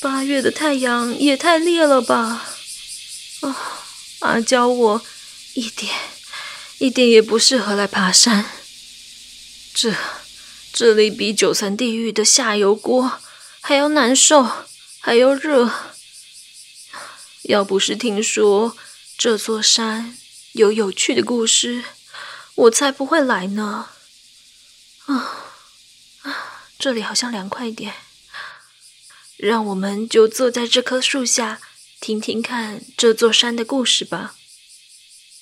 八月的太陽也太烈了吧！啊、哦，阿焦，我一點一點也不適合來爬山。這這裡比九層地獄的下油鍋還要難受，還要熱。要不是聽說這座山有有趣的故事，我才不會來呢。啊、哦、啊，這裡好像涼快一點。讓我們就坐在這棵樹下，聽聽看這座山的故事吧。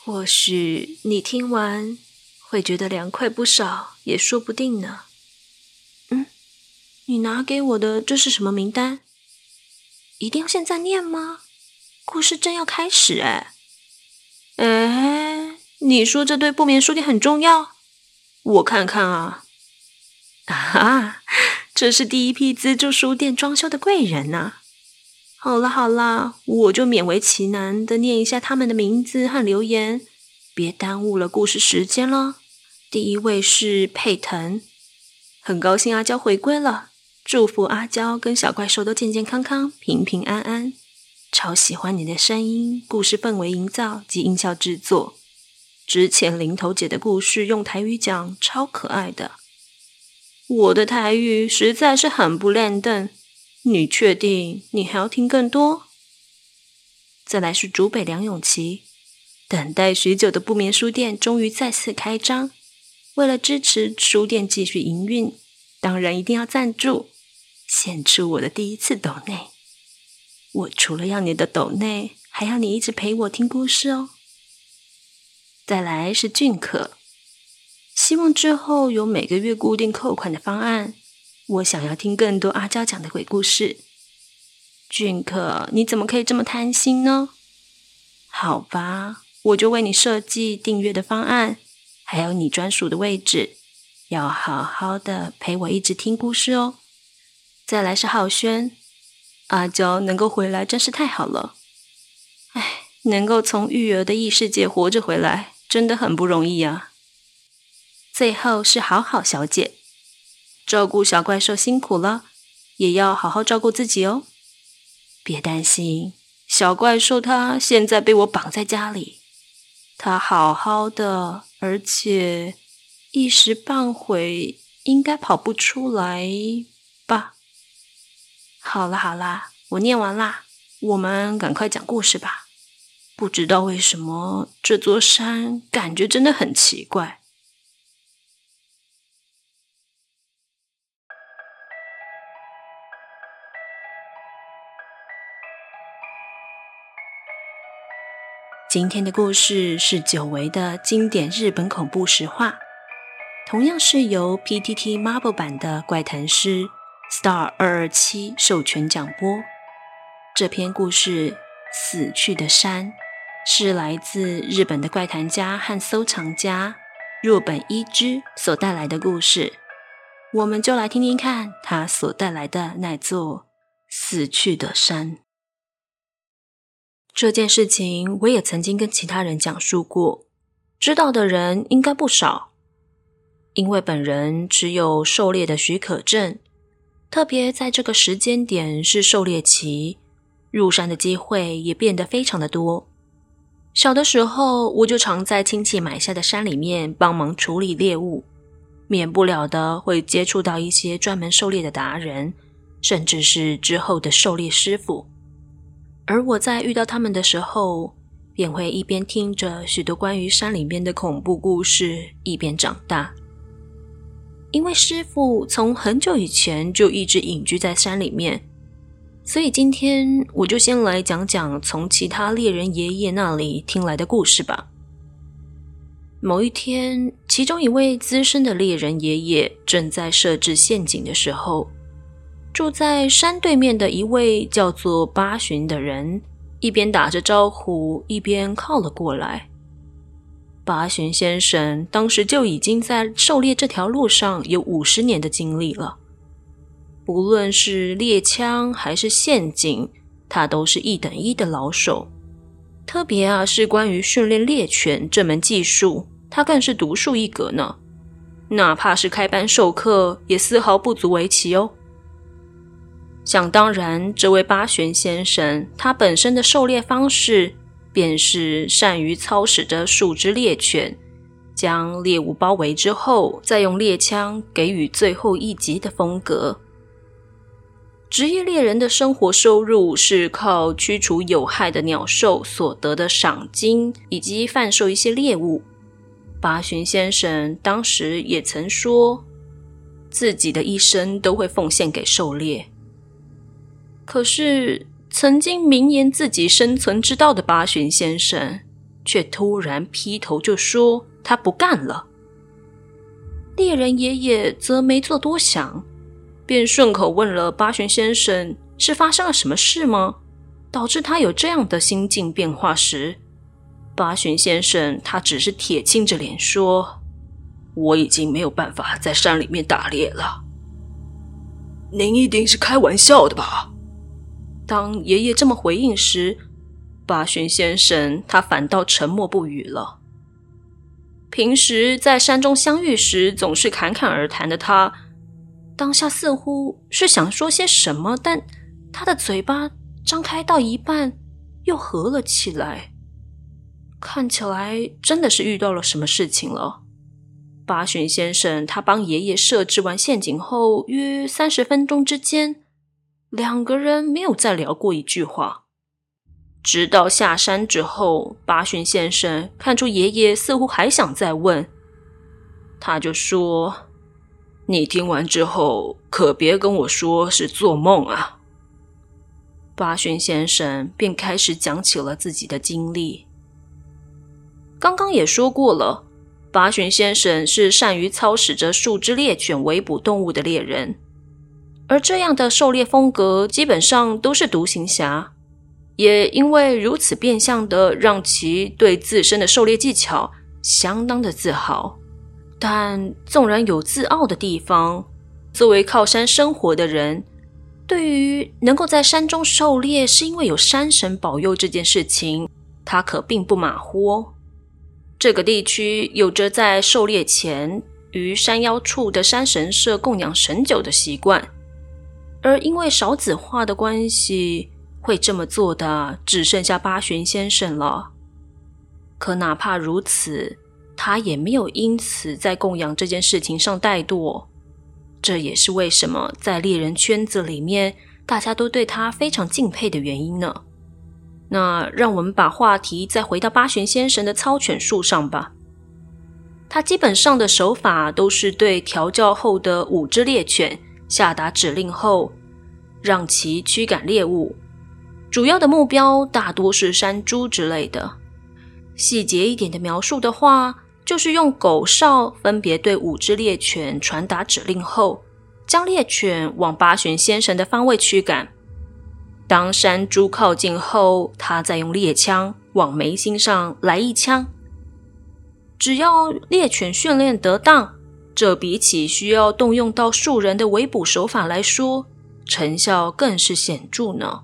或許你聽完會覺得涼快不少，也說不定呢。嗯，你拿給我的這是什麼名單？一定要現在念嗎？故事正要開始哎！哎，你說這對不眠書店很重要？我看看啊，啊。這是第一批資助書店裝修的貴人吶、啊！好啦好啦，我就勉為其難的念一下他們的名字和留言，別耽誤了故事時間咯。第一位是佩騰，很高興阿嬌回歸了，祝福阿嬌跟小怪獸都健健康康、平平安安。超喜歡你的聲音、故事氛圍營造及音效制作，之前林投姐的故事用台語講超可愛的。我的台語實在是很不輪轉，你確定你還要聽更多？再來是竹北梁永琪，等待許久的不眠書店終於再次開張。為了支持書店繼續營運，當然一定要贊助，獻出我的第一次斗內。我除了要你的斗內，還要你一直陪我聽故事哦。再來是俊可。希望之後有每個月固定扣款的方案。我想要聽更多阿嬌講的鬼故事。俊克，你怎麼可以這麼貪心呢？好吧，我就為你設計訂閱的方案，還有你專屬的位置。要好好的陪我一直聽故事哦。再來是浩軒，阿嬌能夠回來真是太好了。哎，能夠從育兒的異世界活着回來，真的很不容易啊。最後是好好小姐，照顧小怪獸辛苦了，也要好好照顧自己哦。別擔心，小怪獸它現在被我綁在家裡，它好好的，而且一時半會應該跑不出來吧。好了好了，我念完啦，我們趕快講故事吧。不知道為什麼這座山感覺真的很奇怪。今天的故事是久違的經典日本恐怖實話，同樣是由 PTT Marvel 版的怪談師 Star 二二七授權講播。這篇故事《死去的山》是來自日本的怪談家和收藏家若本衣織所帶來的故事，我們就來聽聽看他所帶來的那座死去的山。這件事情我也曾經跟其他人講述過，知道的人應該不少。因為本人持有狩獵的許可證，特別在這個時間點是狩獵期，入山的機會也變得非常的多。小的時候，我就常在親戚買下的山裡面幫忙處理獵物，免不了的會接觸到一些專門狩獵的達人，甚至是之後的狩獵師傅。而我在遇到他們的時候，便會一邊聽着許多關於山裡面的恐怖故事，一邊長大。因為師傅從很久以前就一直隱居在山裡面，所以今天我就先來講講從其他獵人爺爺那裡聽來的故事吧。某一天，其中一位資深的獵人爺爺正在設置陷阱的時候，住在山對面的一位叫做八旬的人，一邊打着招呼，一邊靠了過來。八旬先生當時就已經在狩獵這條路上有五十年的經歷了，不論是獵槍還是陷阱，他都是一等一的老手。特別啊，是關於訓練獵犬這門技術，他更是獨樹一格呢。哪怕是開班授課，也絲毫不足為奇哦。想當然，這位八旬先生他本身的狩獵方式，便是善於操使着數只獵犬，將獵物包圍之後，再用獵槍給予最後一擊的風格。職業獵人的生活收入是靠驅除有害的鳥獸所得的賞金，以及販售一些獵物。八旬先生當時也曾說，自己的一生都會奉獻給狩獵。可是，曾經明言自己生存之道的八尋先生，卻突然劈頭就說他不幹了。獵人爺爺則沒做多想，便順口問了八尋先生：“是發生了什麼事嗎？導致他有這樣的心境變化？”時，八尋先生他只是鐵青着臉說：“我已經沒有辦法在山裡面打獵了。”您一定是開玩笑的吧？當爺爺這麼回應時，八尋先生他反倒沉默不語了。平時在山中相遇時總是侃侃而談的他，當下似乎是想說些什麼，但他的嘴巴張開到一半又合了起來，看起來真的是遇到了什麼事情了。八尋先生他幫爺爺設置完陷阱後，約三十分鐘之間。兩個人沒有再聊過一句話，直到下山之後，八旬先生看出爺爺似乎還想再問，他就說：“你聽完之後可別跟我說是做夢啊。”八旬先生便開始講起了自己的經歷。剛剛也說過了，八旬先生是善於操使着數隻獵犬圍捕動物的獵人。而這樣的狩獵風格基本上都是獨行俠，也因為如此，變相的讓其對自身的狩獵技巧相當的自豪。但縱然有自傲的地方，作為靠山生活的人，對於能夠在山中狩獵是因為有山神保佑這件事情，他可並不馬虎哦。這個地區有着在狩獵前於山腰處的山神社供養神酒的習慣。而因為少子化的關係，會這麼做的只剩下八尋先生了。可哪怕如此，他也沒有因此在供養這件事情上怠惰。這也是為什麼在獵人圈子裡面，大家都對他非常敬佩的原因呢。那讓我們把話題再回到八尋先生的操犬術上吧。他基本上的手法都是對調教後的五隻獵犬，下達指令後，讓其驅趕獵物，主要的目標大多是山豬之類的。細節一點的描述的話，就是用狗哨分別對五隻獵犬傳達指令後，將獵犬往八旬先生的方位驅趕。當山豬靠近後，他再用獵槍往眉心上來一槍。只要獵犬訓練得當，這比起需要動用到數人的圍捕手法來說，成效更是顯著呢。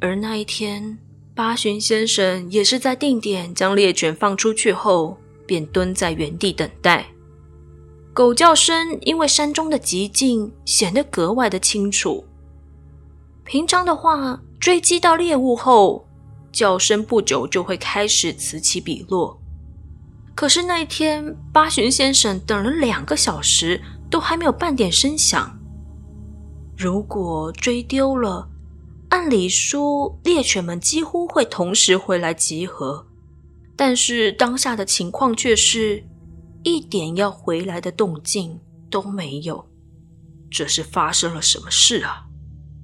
而那一天，八旬先生也是在定點將獵犬放出去後，便蹲在原地等待。狗叫聲因為山中的寂靜，顯得格外的清楚。平常的話，追擊到獵物後，叫聲不久就會開始此起彼落。可是那一天，八旬先生等了兩個小時，都還沒有半點聲響。如果追丟了，按理說獵犬們幾乎會同時回來集合，但是當下的情況卻是一點要回來的動靜都沒有。這是發生了什麼事啊？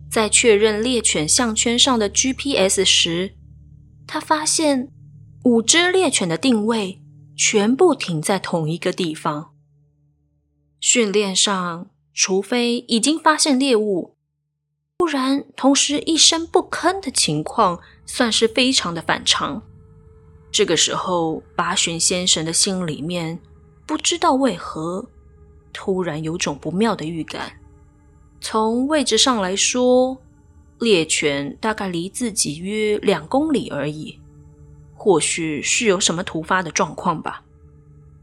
在確認獵犬項圈上的 GPS 時，他發現五只獵犬的定位。全部停在同一個地方。訓練上，除非已經發現獵物，不然同時一聲不吭的情況，算是非常的反常。這個時候，八尋先生的心裡面不知道為何，突然有種不妙的預感。從位置上來說，獵犬大概離自己約兩公里而已。或許是有什麼突發的狀況吧，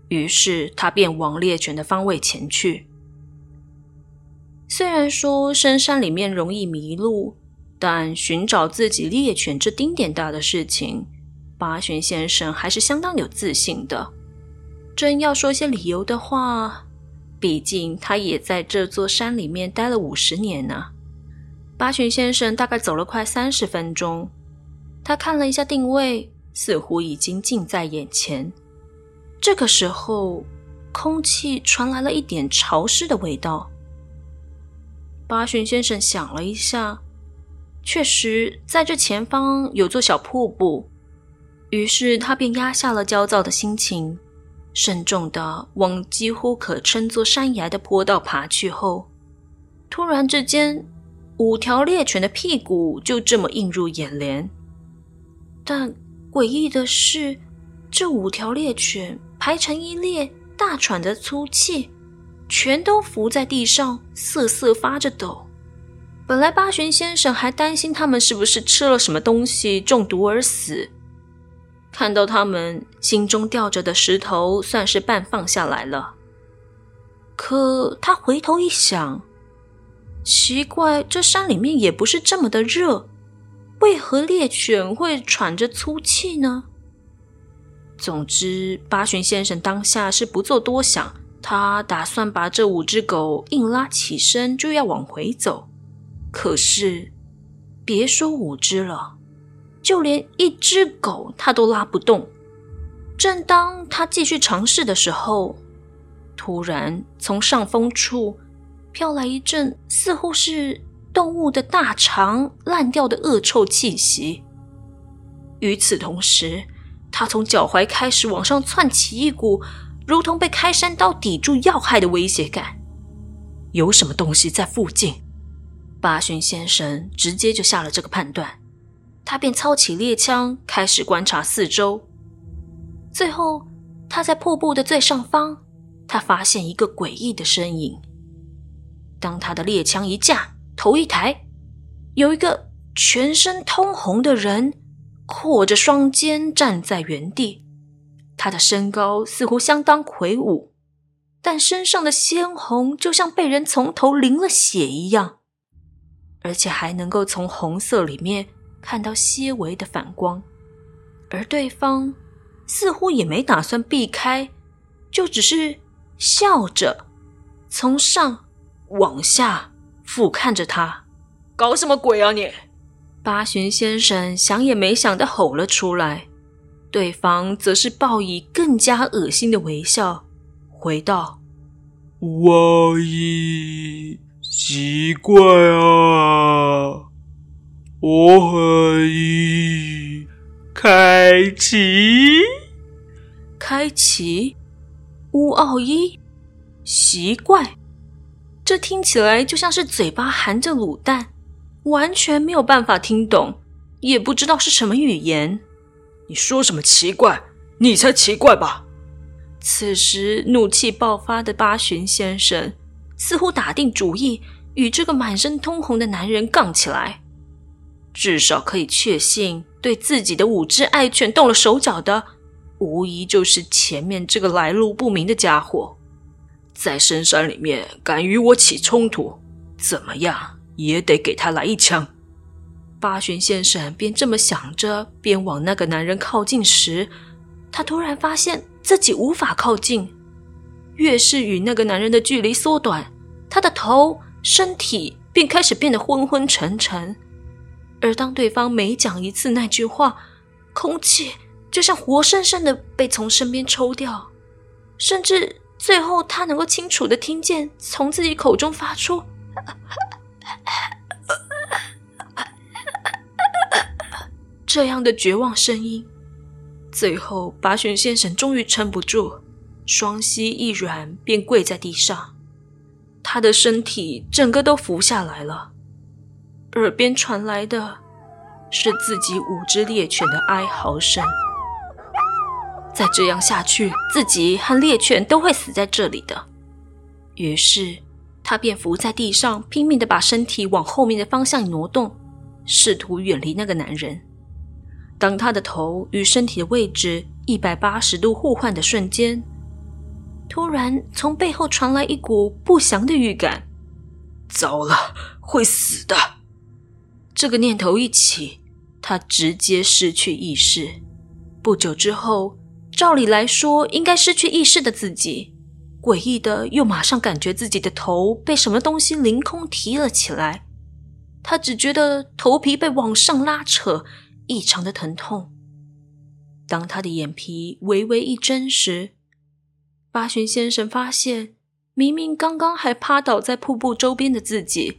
於是他便往獵犬的方位前去。雖然說深山裡面容易迷路，但尋找自己獵犬這丁點大的事情，八尋先生還是相當有自信的。真要說些理由的話，畢竟他也在這座山裡面待了五十年呢、啊。八尋先生大概走了快三十分鐘，他看了一下定位。似乎已經近在眼前。這個時候，空氣傳來了一點潮濕的味道。八旬先生想了一下，確實在這前方有座小瀑布，於是他便壓下了焦躁的心情，慎重地往幾乎可稱作山崖的坡道爬去後，突然之間，五條獵犬的屁股就這麼映入眼簾，但。詭異的是，這五條獵犬排成一列，大喘着粗氣，全都伏在地上瑟瑟發着抖。本來八尋先生還擔心他們是不是吃了什麼東西中毒而死，看到他們心中吊着的石頭算是半放下來了。可他回頭一想，奇怪，這山裡面也不是這麼的熱。為何獵犬會喘着粗氣呢？總之，八旬先生當下是不做多想，他打算把這五只狗硬拉起身，就要往回走。可是，別說五只了，就連一只狗他都拉不動。正當他繼續嘗試的時候，突然從上風處飄來一陣，似乎是……動物的大腸爛掉的惡臭氣息。與此同時，他從腳踝開始往上竄起一股如同被開山刀抵住要害的威脅感。有什麼東西在附近？八旬先生直接就下了這個判斷。他便操起獵槍，開始觀察四周。最後，他在瀑布的最上方，他發現一個詭異的身影。當他的獵槍一架，頭一抬，有一個全身通紅的人，闊着雙肩站在原地。他的身高似乎相當魁梧，但身上的鮮紅就像被人從頭淋了血一樣，而且還能夠從紅色裡面看到些微的反光。而對方似乎也沒打算避開，就只是笑着從上往下，俯瞰着他，搞什麼鬼啊你！八旬先生想也沒想的吼了出來，對方則是報以更加噁心的微笑，回道：“烏奧一奇怪啊，我一開啟，開啟，烏奧一奇怪。”這聽起來就像是嘴巴含着滷蛋，完全沒有辦法聽懂，也不知道是什麼語言。你說什麼奇怪？你才奇怪吧！此時怒氣爆發的八旬先生似乎打定主意，與這個滿身通紅的男人槓起來。至少可以確信，對自己的五只愛犬動了手腳的，無疑就是前面這個來路不明的家伙。在深山裡面，敢與我起衝突，怎麼樣也得給他來一槍。八旬先生便這麼想着，便往那個男人靠近時，他突然發現自己無法靠近。越是與那個男人的距離縮短，他的頭、身體便開始變得昏昏沉沉。而當對方每講一次那句話，空氣就像活生生的被從身邊抽掉，甚至……最後，他能夠清楚的聽見從自己口中發出 這樣的絕望聲音。最後，八尋先生終於撐不住，雙膝一軟，便跪在地上，他的身體整個都伏下來了。耳邊傳來的，是自己五隻獵犬的哀嚎聲。再這樣下去，自己和獵犬都會死在這裡的。於是，他便伏在地上，拼命地把身體往後面的方向挪動，試圖遠離那個男人。當他的頭與身體的位置一百八十度互換的瞬間，突然從背後傳來一股不祥的預感。糟了，會死的！這個念頭一起，他直接失去意識。不久之後。照理來說，應該失去意識的自己，詭異的又馬上感覺自己的頭被什麼東西凌空提了起來。他只覺得頭皮被往上拉扯，異常的疼痛。當他的眼皮微微一睜時，八旬先生發現，明明剛剛還趴倒在瀑布周邊的自己，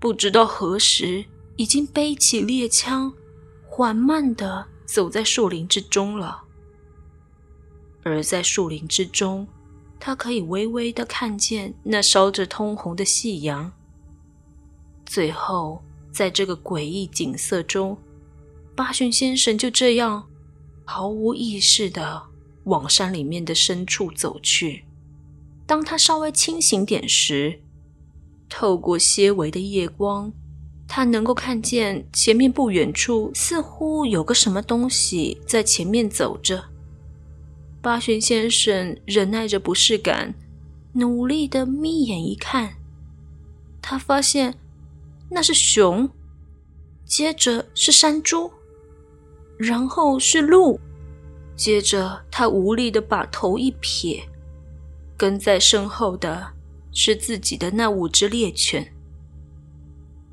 不知道何時已經背起獵槍，緩慢地走在樹林之中了。而在樹林之中，他可以微微的看見那燒着通紅的夕陽。最後，在這個詭異景色中，巴遜先生就這樣毫無意識的往山裡面的深處走去。當他稍微清醒點時，透過些微的夜光，他能夠看見前面不遠處似乎有個什麼東西在前面走着。八旬先生忍耐着不適感，努力的眯眼一看，他發現那是熊，接着是山豬，然後是鹿，接着他無力的把頭一撇，跟在身後的是自己的那五隻獵犬，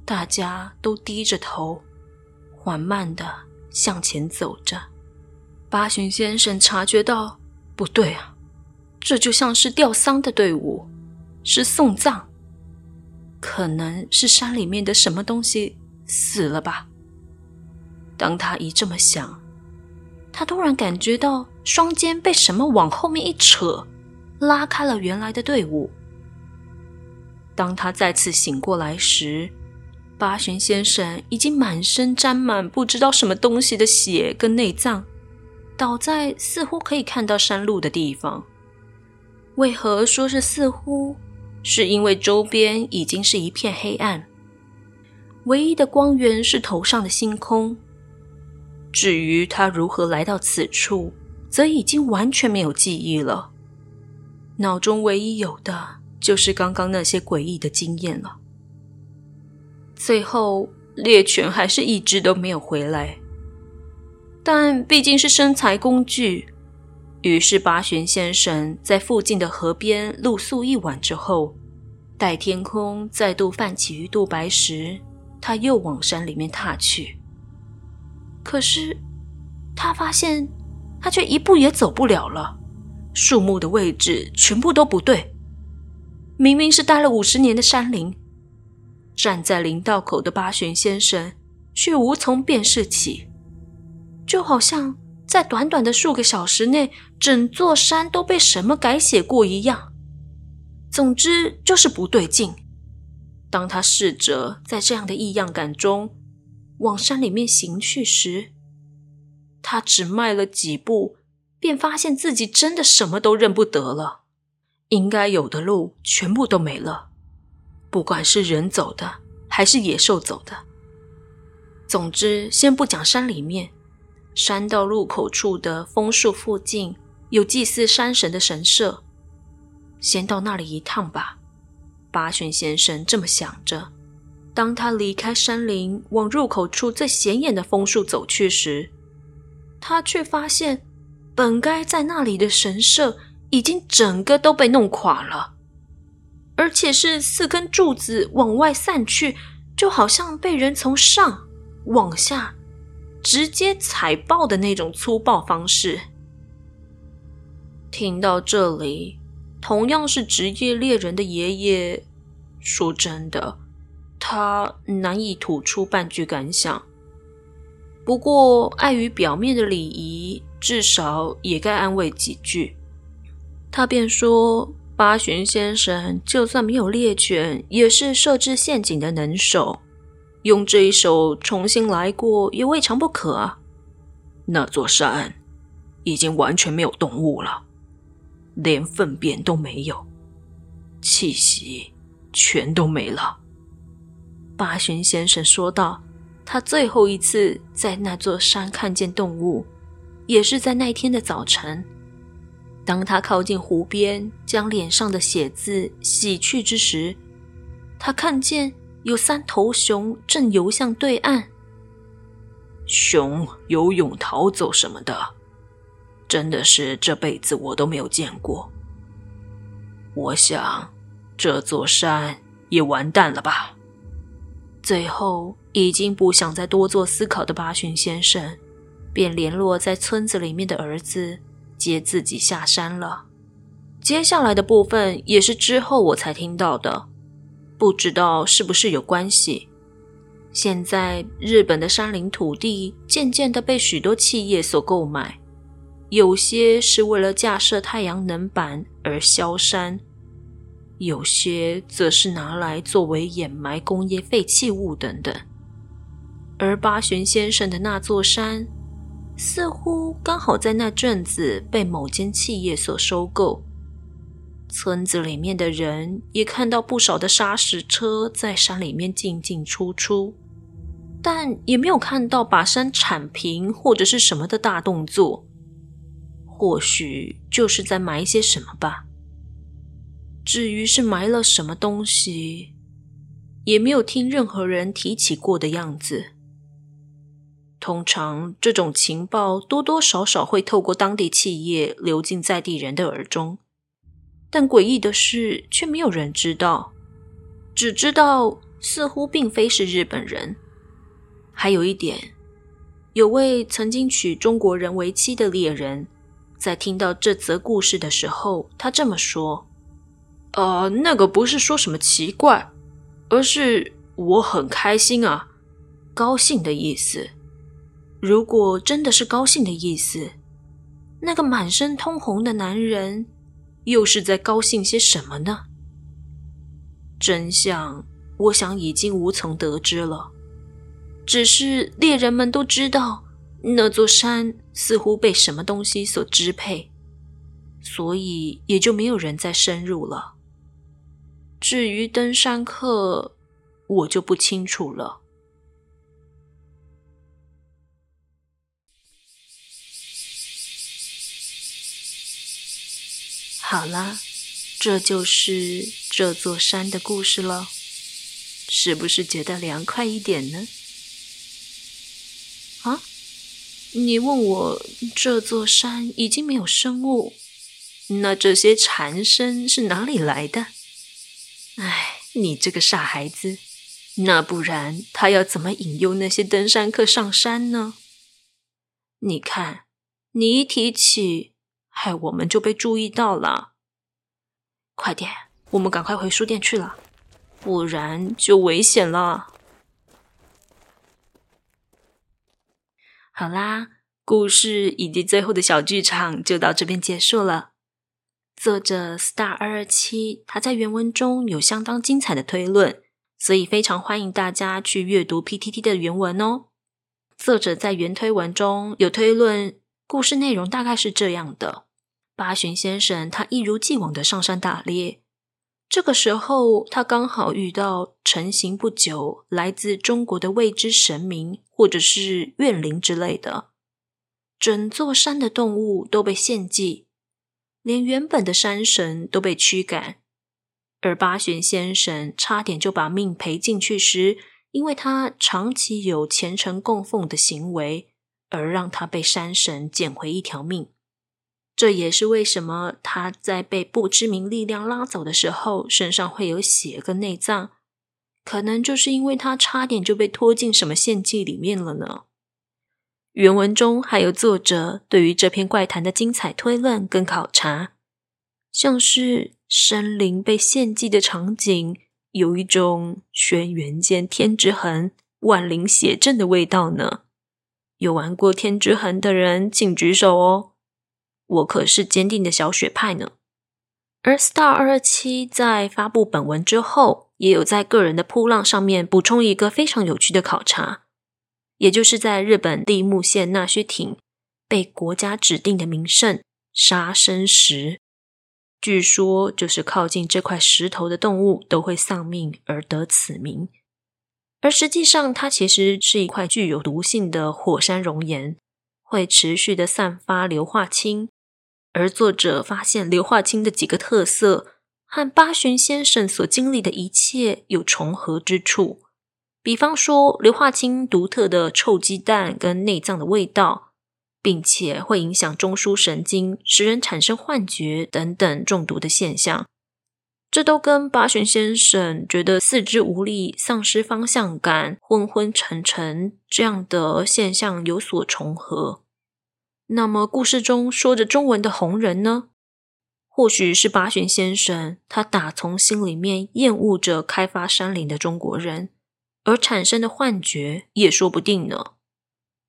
大家都低着頭，緩慢的向前走着。八尋先生察覺到不對啊，這就像是弔喪的隊伍，是送葬，可能是山裡面的什麼東西死了吧。當他一這麼想，他突然感覺到雙肩被什麼往後面一扯，拉開了原來的隊伍。當他再次醒過來時，八尋先生已經滿身沾滿不知道什麼東西的血跟內臟，倒在似乎可以看到山路的地方。為何說是似乎？是因為周邊已經是一片黑暗，唯一的光源是頭上的星空。至於他如何來到此處，則已經完全沒有記憶了。腦中唯一有的，就是剛剛那些詭異的經驗了。最後，獵犬還是一隻都沒有回來。但畢竟是生財工具，於是八尋先生在附近的河邊露宿一晚之後，待天空再度泛起魚肚白時，他又往山裡面踏去。可是，他發現他卻一步也走不了了，樹木的位置全部都不對，明明是待了五十年的山林，站在林道口的八尋先生卻無從辨識起。就好像在短短的數個小時內，整座山都被什麼改寫過一樣。總之就是不對勁。當他試着在這樣的異樣感中往山裡面行去時，他只邁了幾步，便發現自己真的什麼都認不得了。應該有的路全部都沒了，不管是人走的還是野獸走的。總之，先不講山裡面。山道入口處的楓樹附近有祭祀山神的神社，先到那裡一趟吧。八旬先生這麼想着。當他離開山林，往入口處最顯眼的楓樹走去時，他卻發現本該在那裡的神社已經整個都被弄垮了，而且是四根柱子往外散去，就好像被人從上往下。直接踩爆的那種粗暴方式。聽到這裡，同樣是職業獵人的爺爺，說真的，他難以吐出半句感想。不過礙於表面的禮儀，至少也該安慰幾句。他便說：“八旬先生，就算沒有獵犬，也是設置陷阱的能手。”用這一手重新來過也未嘗不可啊。那座山已經完全沒有動物了，連糞便都沒有，氣息全都沒了。八旬先生說道：“他最後一次在那座山看見動物，也是在那天的早晨。當他靠近湖邊，將臉上的血漬洗去之時，他看見。”有三頭熊正游向對岸，熊游泳逃走什麼的，真的是這輩子我都沒有見過。我想，這座山也完蛋了吧。最後，已經不想再多做思考的八旬先生，便聯絡在村子裡面的兒子接自己下山了。接下來的部分也是之後我才聽到的。不知道是不是有關係。現在日本的山林土地漸漸的被許多企業所購買，有些是為了架設太陽能板而削山，有些則是拿來作為掩埋工業廢棄物等等。而八旬先生的那座山，似乎剛好在那陣子被某間企業所收購。村子裡面的人也看到不少的砂石車在山裡面進進出出，但也沒有看到把山鏟平或者是什麼的大動作。或許就是在埋些什麼吧。至於是埋了什麼東西，也沒有聽任何人提起過的樣子。通常這種情報多多少少會透過當地企業流進在地人的耳中。但詭異的是卻沒有人知道，只知道似乎並非是日本人。還有一點，有位曾經娶中國人為妻的獵人，在聽到這則故事的時候，他這麼說：“呃，那個不是說什麼奇怪，而是我很開心啊，高興的意思。如果真的是高興的意思，那個滿身通紅的男人。”又是在高興些什麼呢？真相，我想已經無從得知了。只是獵人們都知道，那座山似乎被什麼東西所支配，所以也就沒有人再深入了。至於登山客，我就不清楚了。好了，這就是這座山的故事了，是不是覺得涼快一點呢？啊，你問我這座山已經沒有生物，那這些蟬聲是哪裡來的？哎，你這個傻孩子，那不然他要怎麼引誘那些登山客上山呢？你看，你一提起。害、hey, 我們就被注意到了。快點，我們趕快回書店去了，不然就危險了。好啦，故事以及最後的小劇場就到這邊結束了。作者 Star227 他在原文中有相當精彩的推論，所以非常歡迎大家去閱讀 PTT 的原文哦。作者在原推文中有推論，故事內容大概是這樣的。八旬先生他一如既往的上山打獵，這個時候他剛好遇到成型不久來自中國的未知神明或者是怨靈之類的，整座山的動物都被獻祭，連原本的山神都被驅趕，而八旬先生差點就把命賠進去時，因為他長期有虔誠供奉的行為，而讓他被山神撿回一條命。這也是為什麼他在被不知名力量拉走的時候，身上會有血跟內臟，可能就是因為他差點就被拖進什麼獻祭裡面了呢？原文中還有作者對於這篇怪談的精彩推論跟考察，像是森林被獻祭的場景，有一種軒轅劍天之痕萬靈血陣的味道呢。有玩過天之痕的人請舉手哦。我可是堅定的小雪派呢。而 Star227 在發布本文之後，也有在個人的噗浪上面補充一個非常有趣的考察，也就是在日本栃木縣那須町被國家指定的名勝殺生石，據說就是靠近這塊石頭的動物都會喪命而得此名。而實際上，它其實是一塊具有毒性的火山熔岩，會持續的散發硫化氫。而作者發現硫化氫的幾個特色，和八旬先生所經歷的一切有重合之處。比方說，硫化氫獨特的臭雞蛋跟內臟的味道，並且會影響中樞神經，使人產生幻覺等等中毒的現象，這都跟八旬先生覺得四肢無力、喪失方向感、昏昏沉沉這樣的現象有所重合。那麼，故事中說着中文的紅人呢？或許是八玄先生，他打從心裡面厭惡着開發山林的中國人，而產生的幻覺也說不定呢。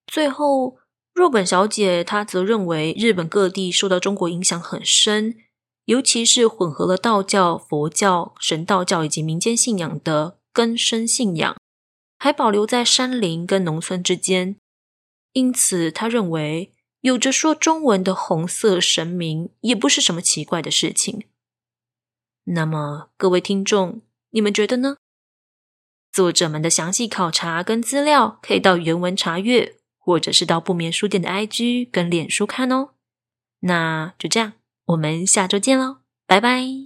最後，若本小姐她則認為日本各地受到中國影響很深，尤其是混合了道教、佛教、神道教以及民間信仰的根深信仰，還保留在山林跟農村之間，因此她認為。有着說中文的紅色神明，也不是什麼奇怪的事情。那麼，各位聽眾，你們覺得呢？作者們的詳細考察跟資料，可以到原文查閱，或者是到不眠書店的 IG 跟臉書看哦。那就這樣，我們下周見嘍，拜拜。